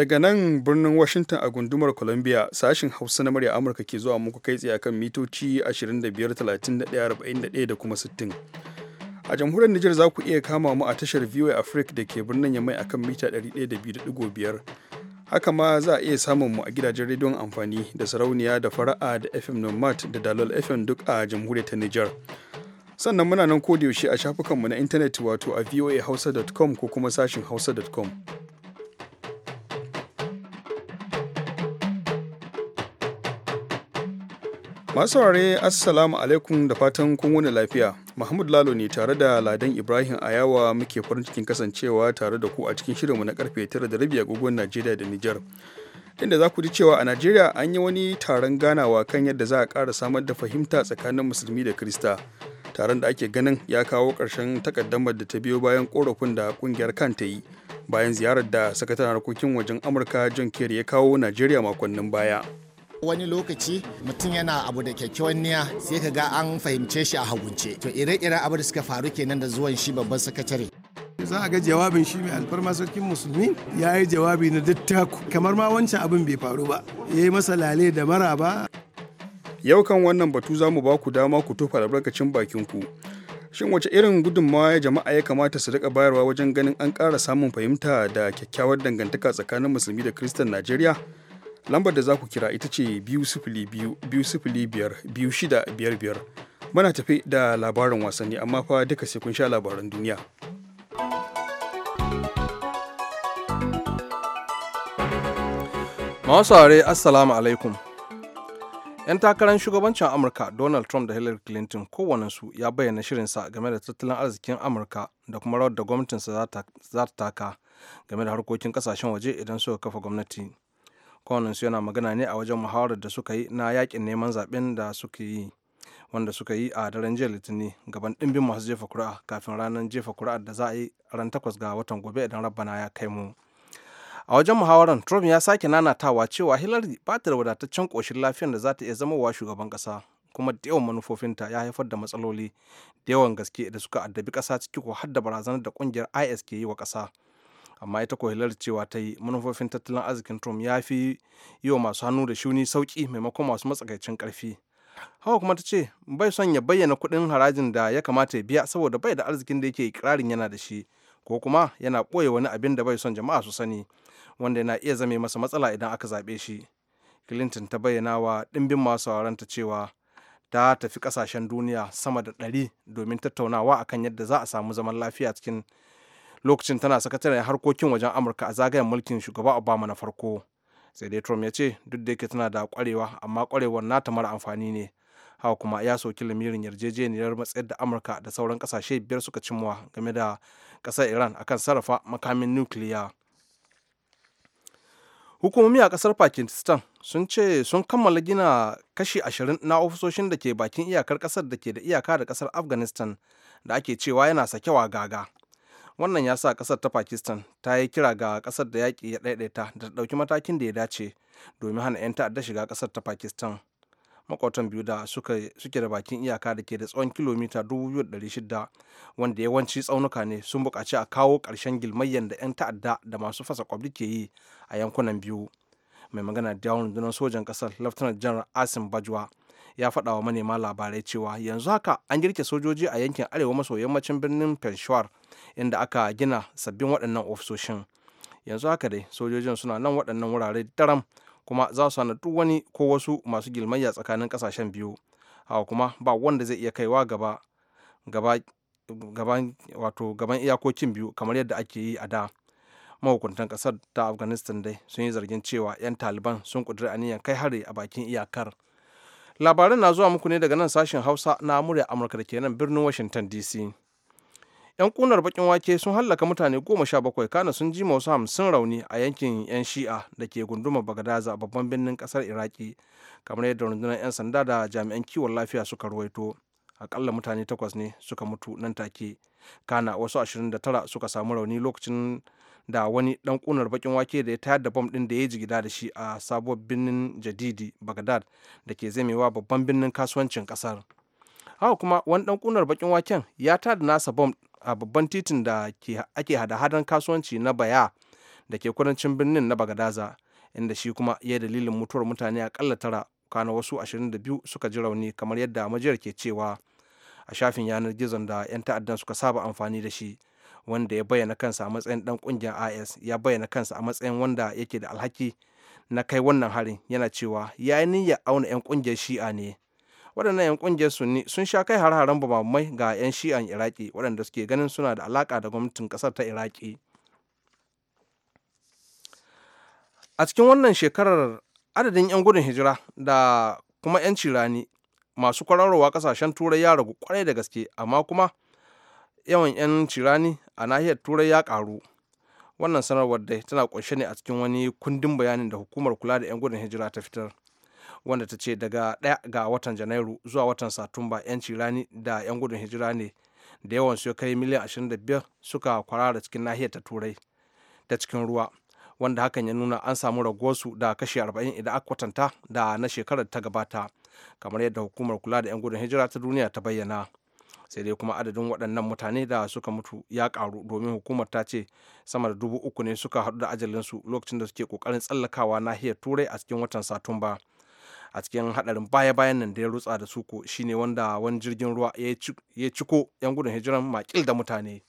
Daga nan birnin Washington a gundumar Columbia sashin Hausa na murya Amurka ke zuwa muku kai tsaye kan mitoci 25, 31, 41 da kuma 60. a jamhuriyar Nijar za ku iya kama mu a tashar VOA Africa da ke birnin Yamai akan mita 102.5. Haka ma za a iya samun mu a gidajen rediyon amfani da sarauniya da fara'a da FM Nomad da Dalol FM duk a jamhuriyar ta Nijar. Sannan muna nan yaushe a shafukanmu na intanet wato a voahausa.com ko kuma sashin hausa.com. Masu ware Assalamu alaikum da fatan kun wani lafiya. Mahmud Lalo ne tare da Ladan Ibrahim Ayawa muke farin cikin kasancewa tare da ku a cikin shirinmu na karfe tara da rabi agogon Najeriya da Nijar. Inda za ku ji cewa a Najeriya an yi wani taron ganawa kan yadda za a kara samar da fahimta tsakanin musulmi da Krista. Taron da ake ganin ya kawo ƙarshen takaddamar da ta biyo bayan ƙorafin da ƙungiyar kan ta yi bayan ziyarar da sakataren harkokin wajen Amurka John Kerry ya kawo Najeriya makonnin baya. wani lokaci mutum yana abu da kyakkyawan niyya sai ka ga an fahimce shi a hagunce to ire-iren abu da suka faru kenan da zuwan shi babban sakatare za a ga jawabin shi mai alfarma sarkin musulmi ya yi jawabi na dattaku kamar ma wancan abin bai faru ba ya yi masa lale da mara ba yau kan wannan batu za mu ba ku dama ku tofa albarkacin bakin ku shin wace irin gudunmawa ya jama'a ya kamata su rika bayarwa wajen ganin an ƙara samun fahimta da kyakkyawar dangantaka tsakanin musulmi da kiristan najeriya lambar da za ku kira ita ce biyu sifili biyu biyu sifili biyar biyu shida biyar biyar muna tafi da labarin wasanni amma fa duka sai kun sha labaran duniya masu assalamu alaikum 'yan takarar shugabancin amurka donald trump da hillary clinton su ya bayyana shirinsa game da tattalin arzikin amurka da kuma rawar da gwamnatinsa za ta taka game da harkokin kasashen waje idan suka kafa gwamnati su yana magana ne a wajen muhawarar da suka yi na yakin neman zaben da suka yi wanda suka yi a daren jiya litinin gaban ɗimbin masu jefa kuri'a kafin ranar jefa kuri'a da za a yi ran takwas ga watan gobe idan rabbana ya kai mu a wajen muhawarar trump ya sake nanatawa cewa hillary ba ta da wadataccen koshin lafiyar da za ta iya wa shugaban kasa kuma da yawan manufofinta ya haifar da matsaloli da yawan gaske da suka addabi kasa ciki ko har da barazanar da kungiyar is ke yi wa kasa. amma ita ko hilar cewa ta yi manufofin tattalin arzikin trump ya fi yi wa masu hannu da shuni sauki maimakon masu matsakaicin karfi hawa kuma ta ce bai son ya bayyana kuɗin harajin da ya kamata ya biya saboda bai da arzikin da yake ikirarin yana da shi ko kuma yana ɓoye wani abin da bai son jama'a su sani wanda yana iya zame masa matsala idan aka zaɓe shi clinton ta bayyana wa ɗimbin masu ta cewa ta tafi ƙasashen duniya sama da ɗari domin tattaunawa akan yadda za a samu zaman lafiya cikin lokacin tana sakataren harkokin wajen amurka a zagayen mulkin shugaba obama na farko sai dai trump ya ce duk da yake tana da kwarewa amma kwarewar nata mara amfani ne hawa kuma ya soki lamirin yarjejeniyar matsayar da amurka da sauran kasashe biyar suka cimma game da kasar iran akan sarrafa makamin nukiliya hukumomi a kasar pakistan sun ce sun kammala gina kashi ashirin na ofisoshin da ke bakin iyakar kasar da ke da iyaka da kasar afghanistan da ake cewa yana sakewa gaga wannan ya sa kasar ta pakistan ta yi kira ga kasar da yaƙi ya ɗaiɗaita da ta ɗauki matakin da ya dace domin hana 'yan ta'adda shiga kasar ta pakistan makwatan biyu da suke da bakin iyaka da ke da tsawon kilomita 2,600 wanda yawanci tsaunuka ne sun buƙaci a kawo ƙarshen gilmayyan da 'yan ta'adda da masu fasa kwabli ke yi a yankunan biyu mai magana da yawon rundunar sojan ƙasar laftanar janar asim bajwa ya faɗa manema labarai cewa yanzu haka an girke sojoji a yankin arewa maso yammacin birnin peshawar inda aka gina sabbin waɗannan ofisoshin yanzu haka dai sojojin suna nan waɗannan wurare daram kuma za su hana duk wani ko wasu masu gilmayya tsakanin ƙasashen biyu hawa kuma ba wanda zai iya kaiwa gaba gaban wato gaban iyakokin biyu kamar yadda ake yi a da mahukuntan ƙasar ta afghanistan dai sun yi zargin cewa 'yan taliban sun a niyyar kai hari a bakin iyakar labaran na zuwa muku ne daga nan sashen hausa na murya amurka da ke nan birnin washington dc 'yan kunar bakin wake sun hallaka mutane goma sha bakwai kana sun ji wasu hamsin rauni a yankin 'yan shi'a da ke gunduma bagadaza babban birnin kasar iraki kamar yadda rundunar 'yan sanda da jami'an kiwon lafiya suka ruwaito akalla mutane takwas ne suka mutu nan take kana wasu 29 suka samu rauni lokacin da wani dan kunar bakin wake da ya tayar da bom din da ya gida da shi a sabuwar birnin jadidi bagdad da ke zamewa babban birnin kasuwancin kasar haka kuma wani dan kunar bakin waken ya tada nasa bom a babban titin da ake hada-hadan kasuwanci na baya da ke kudancin birnin na bagadaza inda shi kuma ya yi dalilin mutuwar mutane akalla tara kana wasu 22 suka ji rauni kamar yadda majiyar ke cewa a shafin yanar gizon da 'yan ta'addan suka saba amfani da shi wanda ya bayyana kansa a matsayin dan kungiyar is ya bayyana kansa a matsayin wanda yake da alhaki na kai wannan harin yana cewa ya niyyar auna 'yan kungiyar shi'a ne waɗannan 'yan ƙungiyar sunni sun sha kai har-haren bamamai ga 'yan shi'an iraki waɗanda suke ganin suna da alaƙa da gwamnatin ƙasar ta iraki a cikin wannan shekarar adadin 'yan gudun hijira da kuma 'yan cirani masu kwararowa kasashen turai ya ragu kwarai da gaske amma kuma yawan 'yan cirani a nahiyar turai ya ƙaru wannan sanarwar dai tana ƙunshe ne a cikin wani kundin bayanin da hukumar kula da 'yan gudun hijira ta fitar wanda ta ce daga 1 ga watan janairu zuwa watan satumba 'yanci rani da 'yan gudun hijira ne da yawan su kai miliyan 25 suka kwarara cikin nahiyar ta turai ta cikin ruwa wanda hakan ya nuna an samu raguwarsu da kashi 40 idan aka kwatanta da na shekarar ta gabata kamar yadda hukumar kula da 'yan gudun hijira ta duniya ta bayyana sai dai kuma adadin waɗannan mutane da suka mutu ya karu domin hukumar ta ce sama da dubu uku ne suka haɗu da ajalinsu lokacin da suke ƙoƙarin tsallakawa nahiyar turai a cikin watan satumba a cikin hadarin baya-bayan nan da ya rutsa da suko shine wanda wani jirgin ruwa ya ciko 'yan gudun hijiran makil da mutane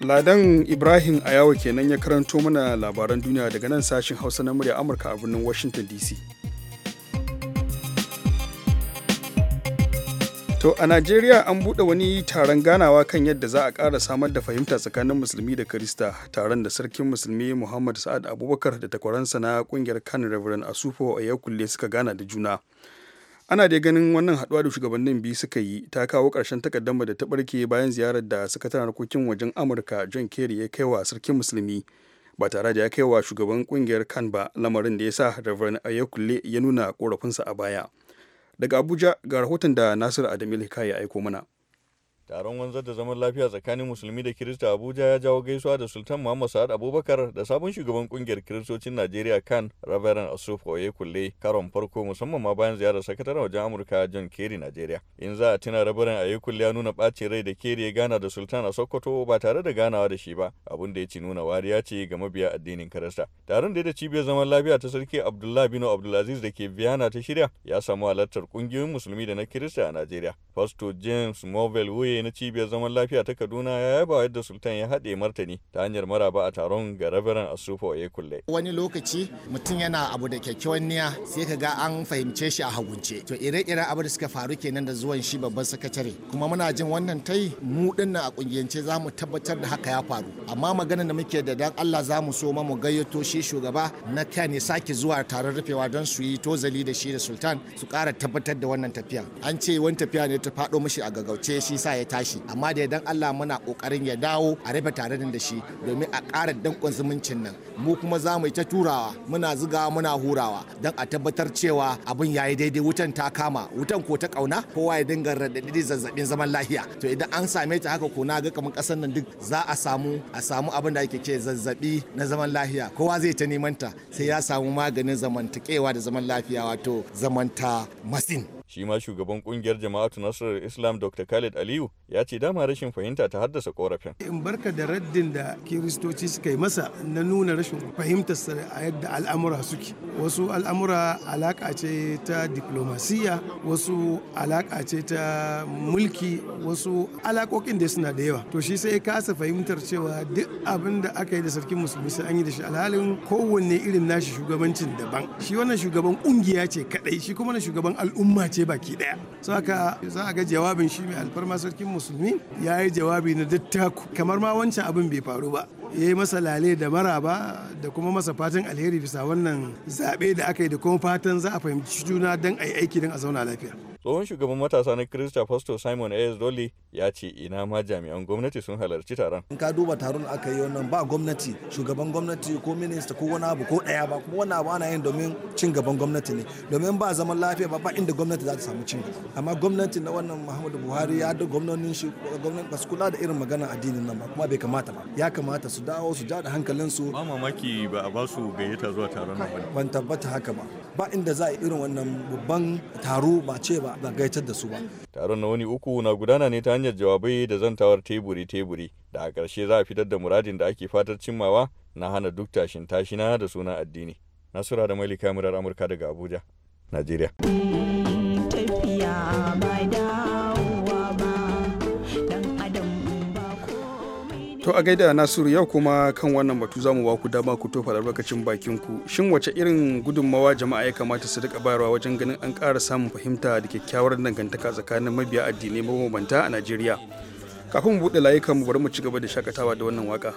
ladan ibrahim ayawa kenan ya karanto mana labaran duniya daga nan sashen hausa na murya amurka a birnin washington dc To a Najeriya an buɗe wani taron ganawa kan yadda za a ƙara samar da fahimta tsakanin musulmi da Kirista, taron da sarkin musulmi Muhammad Sa'ad Abubakar da takwaransa na ƙungiyar kan Reverend Asufo kulle suka gana da juna. Ana dai ganin wannan haɗuwa da shugabannin biyu suka yi ta kawo ƙarshen takaddama da ta ɓarke bayan ziyarar da sakataren harkokin wajen Amurka John Kerry ya kai wa sarkin musulmi ba tare da ya kai wa shugaban ƙungiyar kan ba lamarin da ya sa Reverend Oyakulle ya nuna ƙorafinsa a baya. daga abuja ga rahoton da nasiru adamu hikaya ya aiko mana taron wanzar da zaman lafiya tsakanin musulmi da kirista abuja ya jawo gaisuwa da sultan muhammad sa'ad abubakar da sabon shugaban kungiyar kiristocin najeriya kan reverend asuf kulle karon farko musamman ma bayan ziyarar sakataren wajen amurka john kerry najeriya in za a tuna reverend oyekulle ya nuna ɓacin rai da kerry ya gana da sultan a sokoto ba tare da ganawa da shi ba abin da ya ci nuna wariya ce ga mabiya addinin kirista taron da da cibiyar zaman lafiya ta sarki abdullahi bin abdulaziz da ke biyana ta shirya ya samu halartar kungiyoyin musulmi da na kirista a najeriya pastor james movel wuye Sale na cibiyar zaman lafiya ta Kaduna ya yaba yadda Sultan ya haɗe martani ta hanyar maraba a taron ga Rabaran Asufa kulle Wani lokaci mutum yana abu da kyakkyawan niyya sai ka ga an fahimce shi a hagunce. To ire-iren abu da suka faru kenan da zuwan shi babban sakatare. Kuma muna jin wannan tai mu dinnan a kungiyance za mu tabbatar da haka ya faru. Amma magana da muke da dan Allah za mu so mu gayyato shi shugaba na kan ya sake zuwa taron rufewa don su yi tozali da shi da Sultan su ƙara tabbatar da wannan tafiya. An ce wani tafiya ne ta faɗo mishi a gagauce shi sa ya tashi amma da idan Allah muna kokarin ya dawo a rufe tare da shi domin a ƙara dankon zumuncin nan mu kuma za mu yi ta turawa muna zuga muna hurawa don a tabbatar cewa abin yayi daidai wutan ta kama wutan ko ta kauna kowa ya dinga radadi zazzabin zaman lafiya to idan an same ta haka ko na ga kamar ƙasar nan duk za a samu a samu abin da ake ce zazzabi na zaman lafiya kowa zai ta neman ta sai ya samu maganin zamantakewa da zaman lafiya wato zamanta masin shi ma shugaban kungiyar jama'atu nasarar islam dr khalid aliyu ya ce dama rashin fahimta ta haddasa korafin in barka da raddin da kiristoci suka yi masa na nuna rashin fahimtarsa a yadda al'amura suke wasu al'amura alaka ce ta diplomasiya wasu alaka ce ta mulki wasu alakokin da suna da yawa to shi sai kasa fahimtar cewa duk abin da aka yi da sarkin musulmi sai an yi da shi alhalin kowanne irin nashi shugabancin daban shi wannan shugaban kungiya ce kadai shi kuma na shugaban al'umma ce ce baki daya haka za a ga jawabin shi mai alfarma sarkin musulmi ya yi jawabi na dattaku kamar ma wancan abin bai faru ba ya yi masa lale da maraba da kuma masa fatan alheri bisa wannan zaɓe da aka yi da kuma fatan za a fahimci juna don a yi aiki don a zauna lafiya tsohon shugaban matasa na Krista Fasto Simon A.S. Dolly ya ce ina ma jami'an gwamnati sun halarci taron. In ka duba taron da aka yi wannan ba gwamnati, shugaban gwamnati ko minista ko wani abu ko ɗaya ba kuma wani abu ana yin domin cin gaban gwamnati ne. Domin ba zaman lafiya ba ba inda gwamnati za ta samu cin gaba. Amma gwamnati na wannan Muhammadu Buhari ya da gwamnonin shi gwamnati ba su kula da irin magana addinin nan ba kuma bai kamata ba. Ya kamata su dawo su ja da hankalin su. Ba mamaki ba a ba gayyata zuwa taron nan ba. Ban tabbata haka ba. Ba inda za a irin wannan babban taro ba ce ba ba ban gaitar da su ba taron na wani uku na gudana ne ta hanyar jawabai da zantawar teburi teburi da a ƙarshe za a fitar da muradin da ake fatar cimmawa na hana duk tashin tashina da suna addini nasura da mailika murar amurka daga abuja najeriya tafiya To a gaida Nasiru yau kuma kan wannan batu zamu ba ku dama ku tofa albarkacin bakin ku. Shin wace irin gudunmawa jama'a ya kamata su rika bayarwa wajen ganin an ƙara samun fahimta da kyakkyawar dangantaka tsakanin mabiya addinai mabambanta a Najeriya? Kafin mu buɗe layukan mu bari mu ci gaba da shakatawa da wannan waka.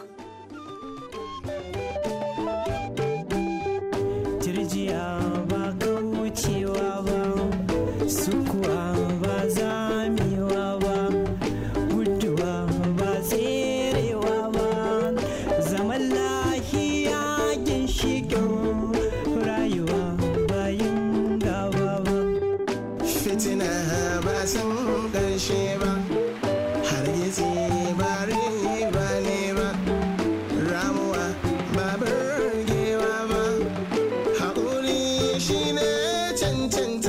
chin chin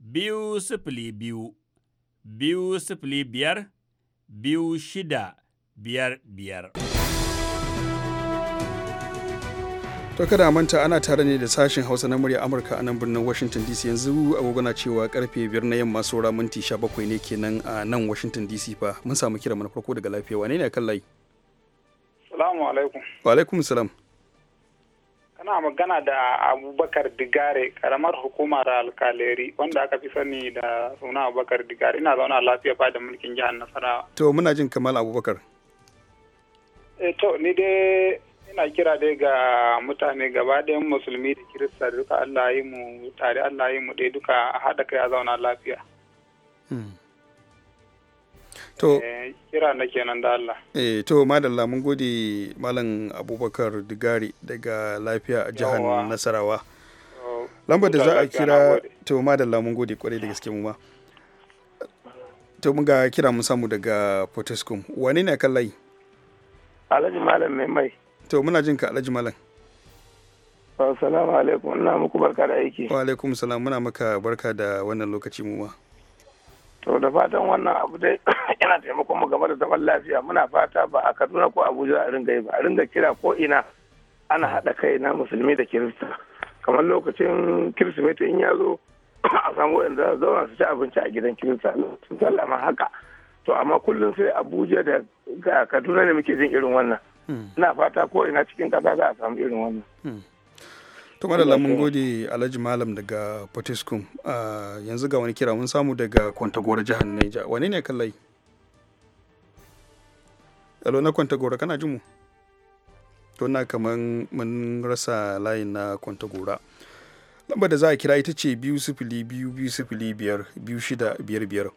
biyu sifili biyu, biyu sifili biyar, biyu shida biyar biyar. To kada manta ana tare ne da sashen Hausa na murya Amurka a nan birnin Washington DC yanzu na cewa karfe biyar na yamma saura minti 17 ne kenan a nan Washington DC fa mun samu kira mana farko daga lafiya wane ne kan layi? Salamu alaikum. Wa alaikum salam. ana magana da Abubakar Digare, karamar hukumar alkaleri wanda aka fi sani da suna Abubakar Digare. Ina zauna lafiya ba da mulkin jihar Nasarawa. To muna jin Kamal Abubakar. E to ni dai ina kira dai ga mutane gaba ɗayan musulmi da kirista duka Allah yi mu tare Allah yi mu dai duka haɗa kai a zauna lafiya. Hmm. to eh, kira na kenan da Allah eh to madalla mun gode malam Abubakar Digari daga lafiya a jihar Nasarawa lambar da za a kira to madalla mun gode kwarai da gaske mu ma to mun ga kira mun samu daga potescom wani ne kan layi Alhaji Malam mai mai to muna jin ka Alhaji Malam Assalamu alaikum ina muku barka da aiki wa alaikum salam muna maka barka da wannan lokaci mu ma to da fatan wannan abu dai yana taimakon mu game da zaman lafiya muna fata ba a kaduna ko abuja a ringa yi ba a ringa kira ko ina ana haɗa kai na musulmi da kirista kamar lokacin kirsimeti in ya zo a samu waɗanda zauna su ci abinci a gidan kirista sun sallama haka to amma kullum sai abuja da ga kaduna ne muke jin irin wannan hmm. ina fata ko ina cikin ƙasa za a samu irin wannan hmm. to madalla mun gode alhaji malam daga potiskum ah, yanzu ga wani kira mun samu daga kwantagora jihar niger wane ne kallai Alo na kwanta gora kana jin mu? To na kaman mun rasa layin na kwanta gora. Lambar da za a kira ita ce biyu sifili biyu biyu sifili biyar biyu shida biyar biyar.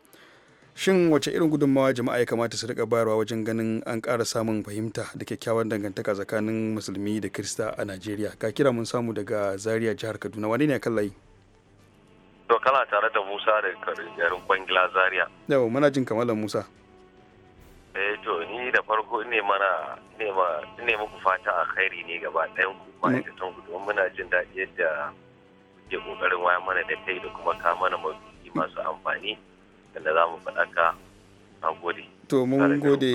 Shin wace irin gudunmawa jama'a ya kamata su riƙa bayarwa wajen ganin an ƙara samun fahimta da kyakkyawan dangantaka tsakanin musulmi da kirista a Najeriya? Ka kira mun samu daga Zaria jihar Kaduna. Wane ne kan layi? To kana tare da Musa da yarin Kwangila Zaria. Yau muna jin kamalan Musa. Eh to da farko ne mana ne muku fata a khairi ne gaba ɗayan ku mm. ma'aikatan ku don muna jin daɗi yadda kuke ƙoƙarin waya mana da kai da kuma ka mana mafi mm. masu amfani da za mu faɗa ka a gode. To mun gode.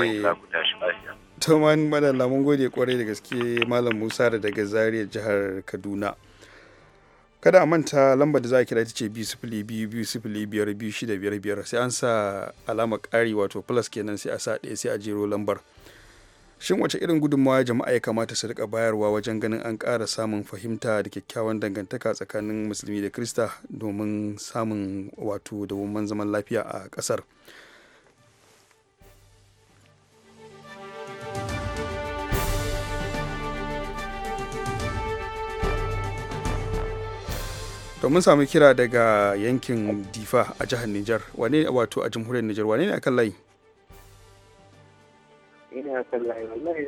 To man madalla mun gode kwarai da gaske Malam Musa da daga zariya jihar Kaduna. kada a manta lambar da za a kira ita ce 2 sai an sa alamar ƙari wato plus kenan sai a sa ɗaya sai a jero lambar shin wace irin gudunmawa jama'a ya kamata su rika bayarwa wajen ganin an ƙara samun fahimta da kyakkyawan dangantaka tsakanin musulmi da krista domin samun wato da zaman lafiya a ƙasar to mun samu kira daga yankin difa a jihar nijar wane wato a jamhuriyar nijar wane ne akan layi ina kan layi wallahi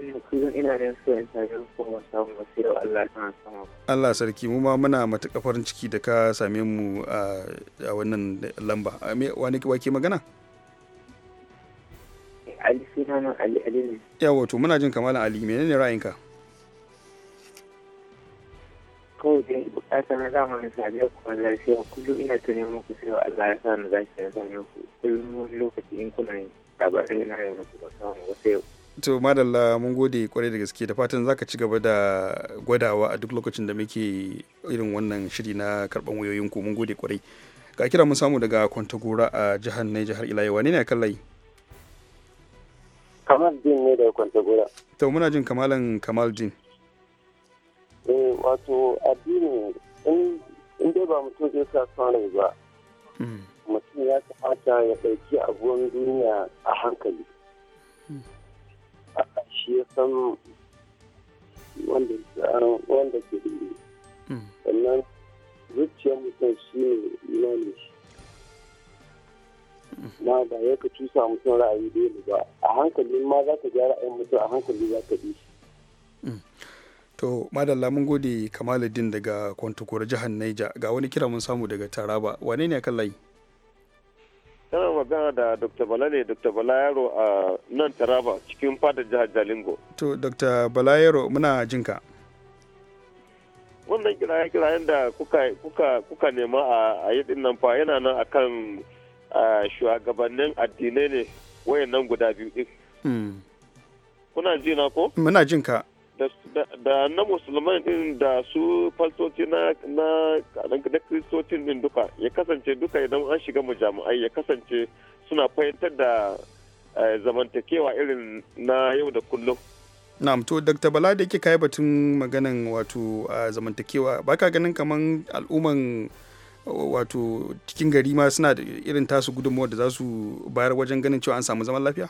ina da so in sami kuma Allah ta sama Allah sarki mu ma muna matuƙa farin ciki da ka same mu a wannan lamba wani wake magana Ali sunana Ali Ali ne Yawo, to muna jin kamalan Ali menene ra'ayinka kawai dai bukatar na dama na sami ku na lafiya kullum ina tuni neman ku sai Allah ya sa na zaki na sami ku kullum wani lokaci in kuna yin labarai na yau ku ba samu wasu yau. To madalla mun gode kwarai da gaske da fatan zaka ci gaba da gwadawa a duk lokacin da muke irin wannan shiri na karban wayoyin ku mun gode kwarai. Ga kira mun samu daga Kwantagora a jihar Niger har ila yau ne ne kallai? Kamal Din ne daga Kwantagora. To muna jin Kamalan Kamal Din. e wato addini in dai ba mutum zai sa son rai ba hmm. mutum ya kamata ya ɗauki abuwan duniya a hankali a hmm. shi ya san wanda ah, ke dole hmm. sannan zuciyar mutum shi ne imani shi na ba ya ka cusa mutum ra'ayi dole ba a hankali ma za ka ja ra'ayin mutum a hankali za ka bi shi To, madalla mun gode Kamaluddin daga Kwantukura jihar Naija ga wani kira mun samu daga Taraba. Wane ne kan layi? Kana magana da Dr. Bala ne, Dr. Bala Yaro a nan Taraba cikin fadar jihar Jalingo. To, Dr. Bala Yaro muna jinka. Wannan kiraye kirayen da kuka kuka kuka nema a yi nan fa yana nan akan shugabannin addinai ne wayan nan guda biyu din. Hmm. Kuna jina ko? Muna jinka. da na musulman din da su fastoci na na kristocin din duka ya kasance duka idan an shiga jami'ai ya kasance suna fahimtar da eh, zamantakewa irin na yau da kullum na'am to dr bala da yake kai batun maganan wato zamantakewa ba ka ganin kamar al'umman wato cikin gari ma suna da irin tasu gudunmawar da za su bayar wajen ganin cewa an samu zaman lafiya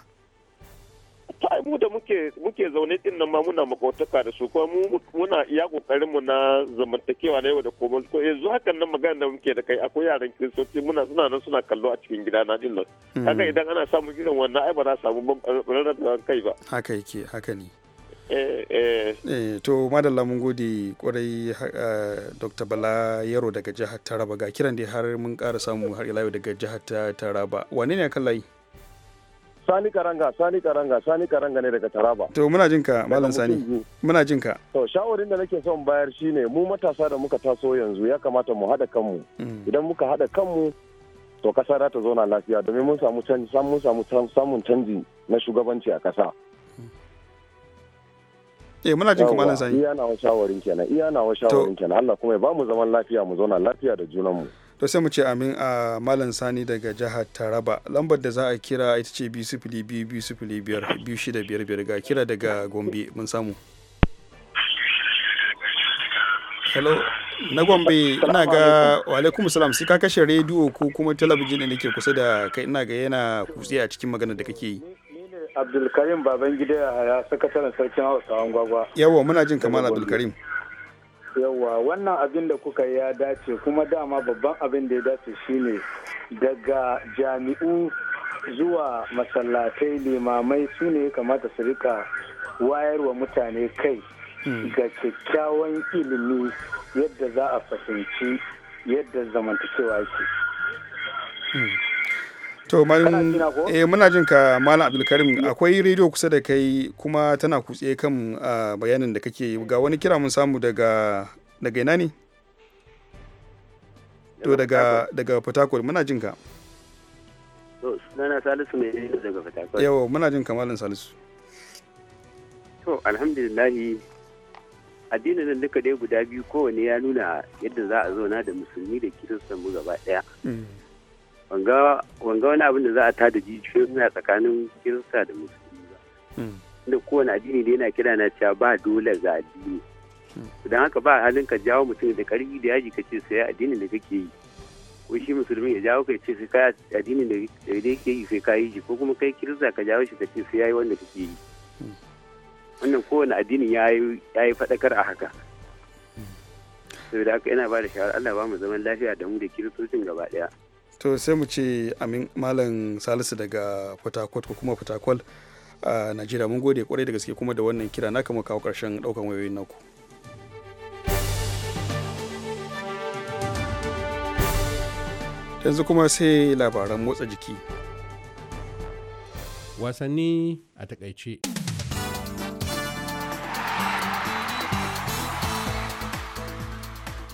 ta mu da muke muke zaune din nan ma muna makotaka da su ko mu muna iya kokarin mu na zamantakewa na yau da komai ko yanzu hakan nan magana da muke da kai akwai yaran kristoci muna suna nan suna kallo a cikin gida na din nan hmm. haka idan ana samun irin wannan ai ba za samu ban kai ba haka yake haka ne eh, eh. Eh, to madalla mun gode kwarai dr bala yaro daga jihar taraba ga kiran dai har mun kara samu har ila daga jihar taraba wane ne kan Sani Karanga, Sani Karanga, Sani Karanga ne daga Taraba. To muna jin ka Malam Sani. Muna jin ka. To shawarin da nake son bayar shine mu matasa da muka taso yanzu ya kamata mu haɗa kanmu. Mm. Idan muka haɗa kanmu to kasa za ta zauna lafiya domin mun samu canji samun samu samun canji na shugabanci a kasa. Eh muna jin ka Malam Sani. Iya nawa shawarin kenan, iya nawa shawarin kenan. Allah kuma ya ba mu zaman lafiya mu zauna lafiya da junanmu. mu. to sai mu ce amin a malam sani daga jihar taraba lambar da za a kira ita ce biyu sifili biyu biyu sifili biyar biyu shida biyar biyar ga kira daga gombe mun samu hello na gombe ina ga walaikum salam sai ka kashe rediyo ko kuma talabijin da ke kusa da kai ina ga yana kutse a cikin magana da kake yi abdulkarim babangida ya sakataren sarkin hausawan gwagwa yawa muna jin kamar abdulkarim yawa wannan abin da kuka ya dace kuma dama babban abin da ya dace shine daga jami'u zuwa masallatai limamai su ne kamata su rika wayarwa mutane kai hmm. ga kyakkyawan ilimi yadda za a fahimci yadda zamantakewa ke. to malin eh muna jin ka malam abdulkarim akwai rediyo kusa da kai kuma tana kutse kan ah, bayanin da kake yi ga wani kira mun samu daga daga ina ne to daga daga fatakul muna jin ka to sunana salisu mai rediyo daga fatakul yawa muna jin ka malam salisu to alhamdulillahi addinin duka dai guda biyu kowane ya nuna yadda za a zauna da musulmi da kiristan mu gaba daya mm. wanga wani abin da za a tada jijiyoyin suna tsakanin kirista da musulmi ba hmm. inda kowane addini da yana kira na cewa ba dole ga addini Idan hmm. haka ba halin ka jawo mutum da karfi da yaji ka ce sai addinin da kake yi ko shi musulmi ya jawo ka ce sai kai addinin da ke yi sai ka yi shi ko kuma kai kirista ka jawo shi ka ce sai yayi wanda kake yi hmm. wannan kowane addini ya yi faɗakar a haka saboda haka yana ba da shawarar Allah ba mu zaman lafiya da mu da kiristocin gaba ɗaya to sai mu ce amin malam salisu daga fatakwal ko kuma fatakwal a najeriya mun gode kwarai da gaske kuma da wannan kira na kama kawo karshen daukan wayoyin naku yanzu kuma sai labaran motsa jiki wasanni a takaice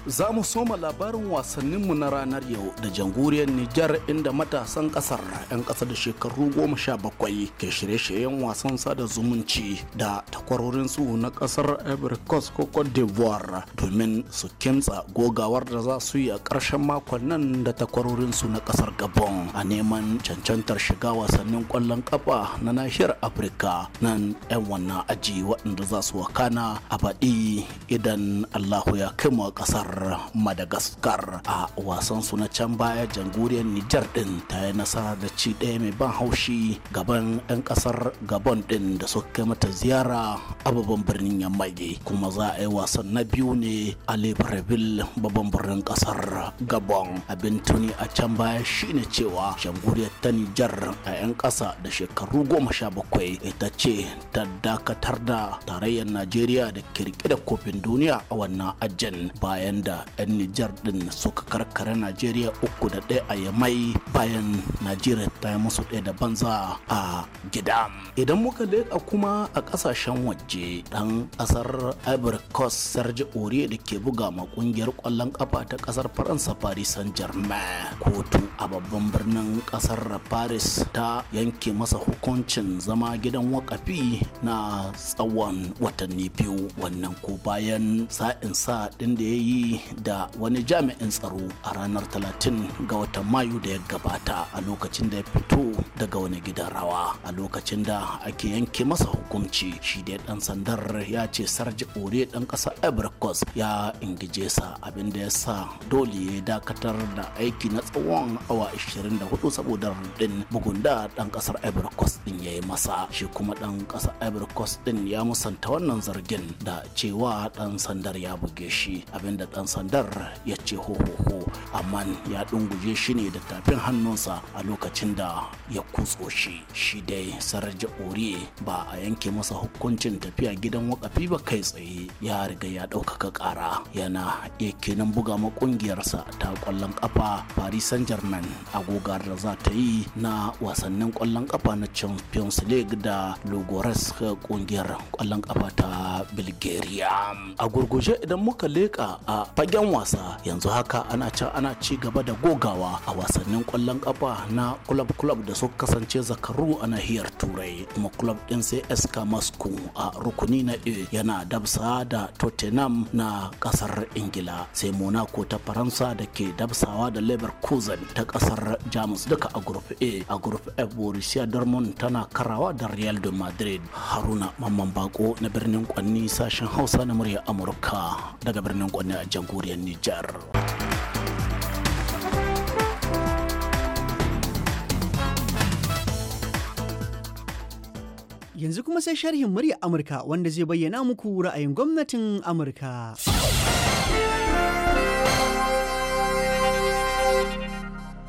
Za mu soma labarin wasanninmu na ranar yau da jamhuriyar Nijar inda matasan kasar 'yan kasa da shekaru goma sha bakwai ke shirye-shiryen wasan sada zumunci da takwarorin su na kasar Ivory ko Cote d'Ivoire domin su kimtsa gogawar da za su yi a ƙarshen makon nan da takwarorin su na kasar Gabon a neman cancantar shiga wasannin kwallon kafa na nahiyar Afirka nan 'yan wannan aji waɗanda za su wakana a baɗi idan Allahu ya kai mu a ƙasar. kasar madagascar a wasansu na can baya jamhuriyar nijar din ta yi nasara da ci ɗaya mai ban haushi gaban 'yan kasar gabon din da suka kai mata ziyara a babban birnin yammage kuma za a yi wasan na biyu ne a libreville babban birnin kasar gabon abin tuni a can baya shine cewa jamhuriyar ta nijar a 'yan ƙasa da shekaru goma sha bakwai ita ce ta dakatar da tarayyar najeriya da kirki kofin duniya a wannan ajin bayan Da 'yan Nijar din suka karkara Najeriya uku da ɗaya a Yamai bayan Najeriya ta yi musu ɗaya da banza a gida. Idan muka leƙa kuma a ƙasashen waje ɗan ƙasar Ivory Coast Serge Aurier da ke buga ma ƙungiyar ƙwallon ƙafa ta ƙasar Faransa Paris Saint-Germain. Kotu a babban birnin ƙasar Paris ta yanke masa hukuncin zama gidan wakafi na tsawon watanni biyu wannan ko bayan sa'in sa ɗin da ya yi da wani jami'in tsaro a ranar 30 ga watan mayu da ya gabata a lokacin da ya fito daga wani gidan rawa a lokacin da ake yanke masa hukunci shi da dan sandar ya ce sarji ore dan ƙasar ibrikos ya ingije sa abinda ya sa dole ya dakatar da aiki na tsawon awa 24 saboda rudin bugun da dan ƙasar ibrikos din ya yi masa shi kuma dan kasa ibrikos din ya musanta wannan zargin da cewa dan sandar ya buge shi abinda dan 'yan sandar ya ce hohoho amma ya dunguje shi ne da tafin hannunsa a lokacin da ya kutso shi shi dai sarja oriye ba a yanke masa hukuncin tafiya gidan wakafi ba kai tsaye ya riga ya ɗaukaka ƙara yana iya buga ma ƙungiyarsa ta kwallon kafa paris saint germain agogar da za ta yi na wasannin kwallon kafa na champions league da logores ƙungiyar kwallon kafa ta bulgaria a gurguje idan muka leƙa a fagen wasa yanzu haka ana can ana ci gaba da gogawa a wasannin kwallon kafa na club club da suka kasance zakaru a nahiyar turai kuma club din sai SK masku a rukuni na e yana dabsa da Tottenham na kasar Ingila sai Monaco ta Faransa da ke dabsawa da Leverkusen ta kasar Jamus duka a group A a group F Borussia Dortmund tana karawa da Real de Madrid Haruna Mamman Bako na birnin Kwanni sashen Hausa na murya Amurka daga birnin Kwanni a jamhuriyar Nijar. Yanzu kuma sai sharhin murya Amurka wanda zai bayyana muku ra'ayin gwamnatin Amurka.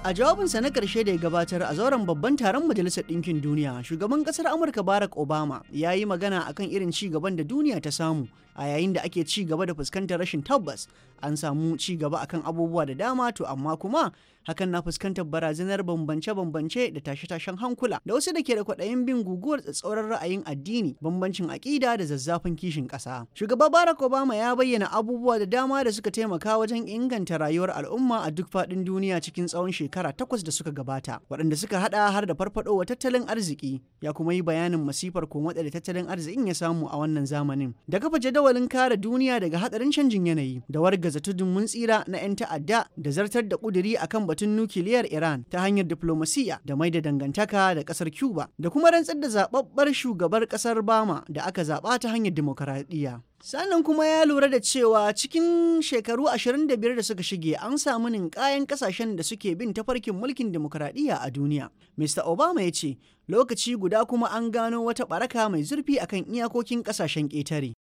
A jawabinsa na ƙarshe da ya gabatar a zauren babban taron Majalisar Ɗinkin Duniya, shugaban ƙasar Amurka Barack Obama ya yi magana akan irin ci gaban da duniya ta samu a yayin da ake ci gaba da fuskantar rashin tabbas an samu ci gaba akan abubuwa da dama to amma kuma hakan na fuskantar barazanar bambance-bambance da tashe-tashen hankula da wasu da ke da kwaɗayin bin guguwar tsatsauran ra'ayin addini bambancin aƙida da zazzafin kishin ƙasa shugaba barack obama ya bayyana abubuwa da dama da suka taimaka wajen inganta rayuwar al'umma a duk faɗin duniya cikin tsawon shekara takwas da suka gabata waɗanda suka haɗa har da farfaɗowa tattalin arziki ya kuma yi bayanin masifar komatsa da tattalin arzikin ya samu a wannan zamanin da kafa jadawalin jadawalin kare duniya daga hadarin canjin yanayi da wargaza tudun mun tsira na 'yan ta'adda da zartar da kuduri akan batun nukiliyar Iran ta hanyar diplomasiya da mai da dangantaka da kasar Cuba da kuma rantsar da zababbar shugabar kasar Bama da aka zaba ta hanyar dimokuraɗiyya. sannan kuma ya lura da cewa cikin shekaru 25 da suka shige an samu ninkayen kasashen da suke bin tafarkin mulkin demokuraɗiyya a duniya mr obama ya ce lokaci guda kuma an gano wata baraka mai zurfi akan iyakokin kasashen ƙetare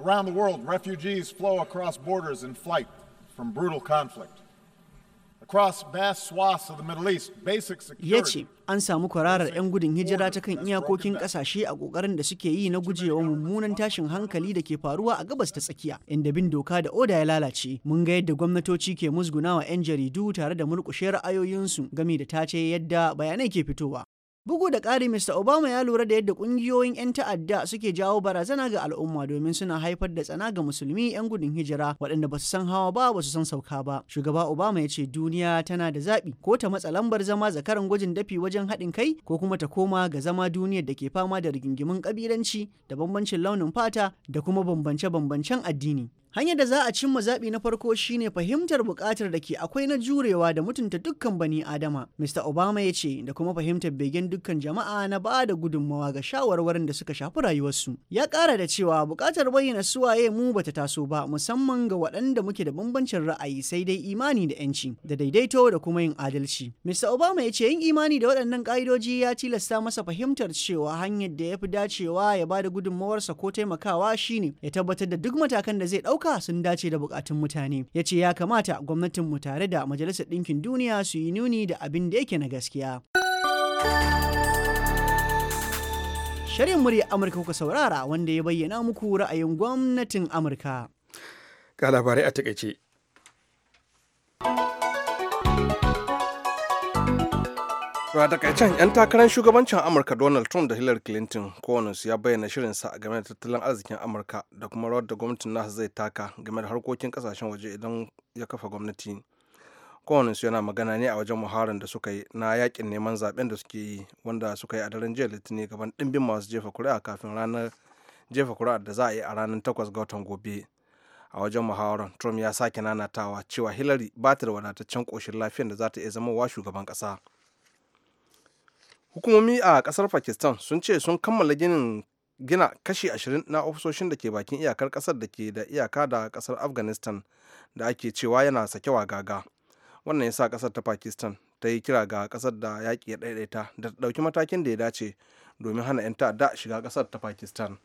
Around the world, refugees flow across borders in flight from brutal conflict. Ya ce an samu kwararar 'yan gudun hijira ta kan iyakokin kasashe a kokarin da suke yi na gujewa mummunan tashin hankali da ke faruwa a gabas ta tsakiya inda bin doka da oda ya lalace mun ga yadda gwamnatoci ke musgunawa 'yan jaridu tare da murƙushe ra'ayoyinsu game da tace yadda bayanai ke fitowa Bugu da ƙari Mr. Obama ya lura da yadda ƙungiyoyin 'yan ta'adda suke jawo barazana ga al'umma domin suna haifar da tsana ga musulmi 'yan gudun hijira waɗanda ba su san hawa ba ba su san sauka ba. Shugaba Obama ya ce duniya tana da zaɓi ko ta matsa lambar zama zakaran gwajin dafi wajen haɗin kai ko kuma ta koma ga zama duniyar da ke fama da rigingimin ƙabilanci da bambancin launin fata da kuma bambance-bambancen addini. Hanyar da za a cimma zaɓi na farko shine fahimtar buƙatar da ke akwai na jurewa da mutunta dukkan bani Adama. Mr. Obama ya ce da kuma fahimtar begen dukkan jama'a na ba da gudunmawa ga shawarwarin da suka shafi rayuwarsu. Ya ƙara da cewa buƙatar bayyana suwaye mu bata taso ba musamman ga waɗanda muke da bambancin ra'ayi sai dai imani da 'yanci da daidaito da kuma yin adalci. Mr. Obama ya ce yin imani da waɗannan ƙa'idoji ya tilasta masa fahimtar cewa hanyar da ya fi dacewa ya ba da gudunmawarsa ko taimakawa shine ya tabbatar da duk matakan da zai ɗauka haka sun dace da bukatun mutane ya ce ya kamata gwamnatinmu tare da majalisar ɗinkin duniya su yi nuni da abin da yake na gaskiya. Shirin murya Amurka kuka saurara wanda ya bayyana muku ra'ayin gwamnatin Amurka. Ga labarai a takaice. To a takaicen 'yan takarar shugabancin Amurka Donald Trump da Hillary Clinton kowane su ya bayyana shirinsa game da tattalin arzikin Amurka da kuma rawar da gwamnatin nasa zai taka game da harkokin kasashen waje idan ya kafa gwamnati. su yana magana ne a wajen muharin da suka yi na yakin neman zaben da suke yi wanda suka yi a daren jiya Litinin gaban dimbin masu jefa kuri'a kafin ranar jefa kuri'a da za a yi a ranar 8 ga watan gobe. a wajen muhawarar trump ya sake nanatawa cewa hillary ba ta da wadataccen koshin lafiyar da za ta iya zama wa shugaban kasa. hukumomi a kasar pakistan sun ce sun kammala ginin gina kashi 20 na ofisoshin da ke bakin iyakar kasar da ke da iyaka da kasar afghanistan da ake cewa yana sakewa gaga wannan ya sa kasar ta pakistan ta yi kira ga kasar da yaƙi ya ɗaiɗaita da ta ɗauki matakin da ya dace domin hana 'yan ta'adda shiga kasar ta pakistan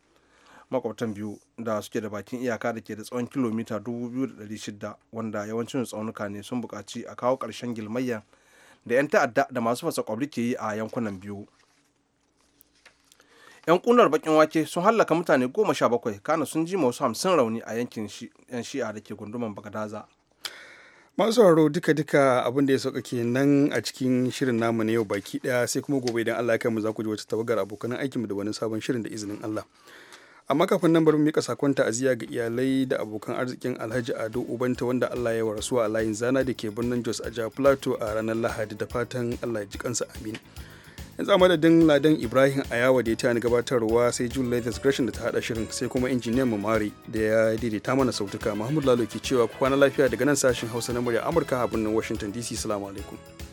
makwabtan biyu da suke da bakin iyaka da ke da tsawon kilomita 2,600 wanda yawancin tsaunuka ne sun buƙaci a kawo ƙarshen gilmayyar da 'yan ta'adda da masu fasa kwabri ke yi a yankunan biyu yan kunar bakin wake sun hallaka mutane goma sha bakwai kana sun ji wasu hamsin rauni a yankin yan shi'a da ke gunduman bagadaza masu sauraro duka-duka abinda ya sauka nan a cikin shirin namu na yau baki daya sai kuma gobe idan allah ya kai mu za ku ji wata tawagar abokan aikinmu da wani sabon shirin da izinin allah amma kafin nan bari mu mika sakon ta'aziyya ga iyalai da abokan arzikin Alhaji Ado Ubanta wanda Allah ya warasu a layin zana da ke birnin Jos a jaha Plateau a ranar Lahadi da fatan Allah ya ji kansa amin. Yanzu a madadin Ladan Ibrahim Ayawa da ya tana gabatarwa sai Jun Lathis Gresham da ta hada shirin sai kuma injiniyan mamari da ya daidaita mana sautuka Muhammadu Lalo ke cewa kwana lafiya daga nan sashen Hausa na murya Amurka a birnin Washington DC. Salamu alaikum.